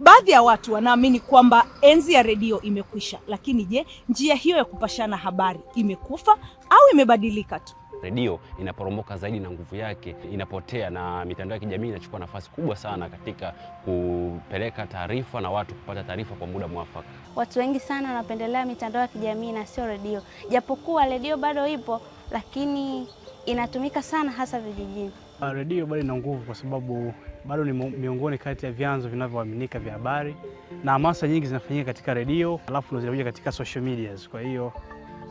Baadhi ya watu wanaamini kwamba enzi ya redio imekwisha, lakini je, njia hiyo ya kupashana habari imekufa au imebadilika tu? Redio inaporomoka zaidi na nguvu yake inapotea, na mitandao ya kijamii inachukua nafasi kubwa sana katika kupeleka taarifa na watu kupata taarifa kwa muda mwafaka. Watu wengi sana wanapendelea mitandao ya kijamii na sio redio, japokuwa redio bado ipo, lakini inatumika sana hasa vijijini. Ah, redio bado ina nguvu kwa sababu bado ni miongoni kati ya vyanzo vinavyoaminika vya habari na hamasa nyingi zinafanyika katika redio, alafu ndo zinakuja katika social medias. Kwa hiyo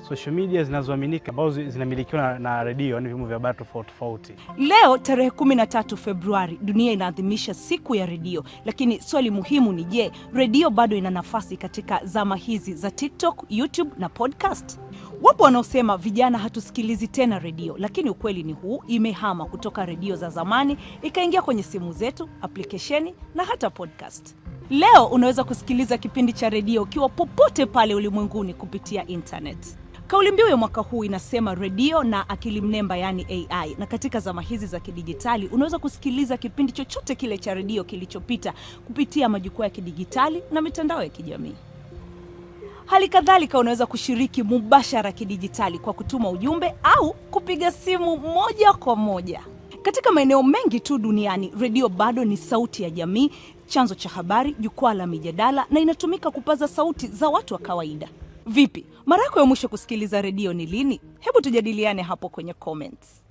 social media zinazoaminika ambazo zinamilikiwa na, na redio, yaani vyombo vya habari tofauti tofauti. Leo tarehe 13 Februari, dunia inaadhimisha siku ya redio, lakini swali muhimu ni je, redio bado ina nafasi katika zama hizi za TikTok, YouTube na podcast? Wapo wanaosema vijana hatusikilizi tena redio, lakini ukweli ni huu, imehama kutoka redio za zamani ikaingia kwenye simu zetu, aplikesheni na hata podcast. Leo unaweza kusikiliza kipindi cha redio ukiwa popote pale ulimwenguni kupitia internet. Kauli mbiu ya mwaka huu inasema redio na akili mnemba, yaani AI. Na katika zama hizi za kidijitali, unaweza kusikiliza kipindi chochote kile cha redio kilichopita kupitia majukwaa ya kidijitali na mitandao ya kijamii. Hali kadhalika unaweza kushiriki mubashara kidijitali kwa kutuma ujumbe au kupiga simu moja kwa moja. Katika maeneo mengi tu duniani, redio bado ni sauti ya jamii, chanzo cha habari, jukwaa la mijadala, na inatumika kupaza sauti za watu wa kawaida. Vipi, mara yako ya mwisho kusikiliza redio ni lini? Hebu tujadiliane hapo kwenye comments.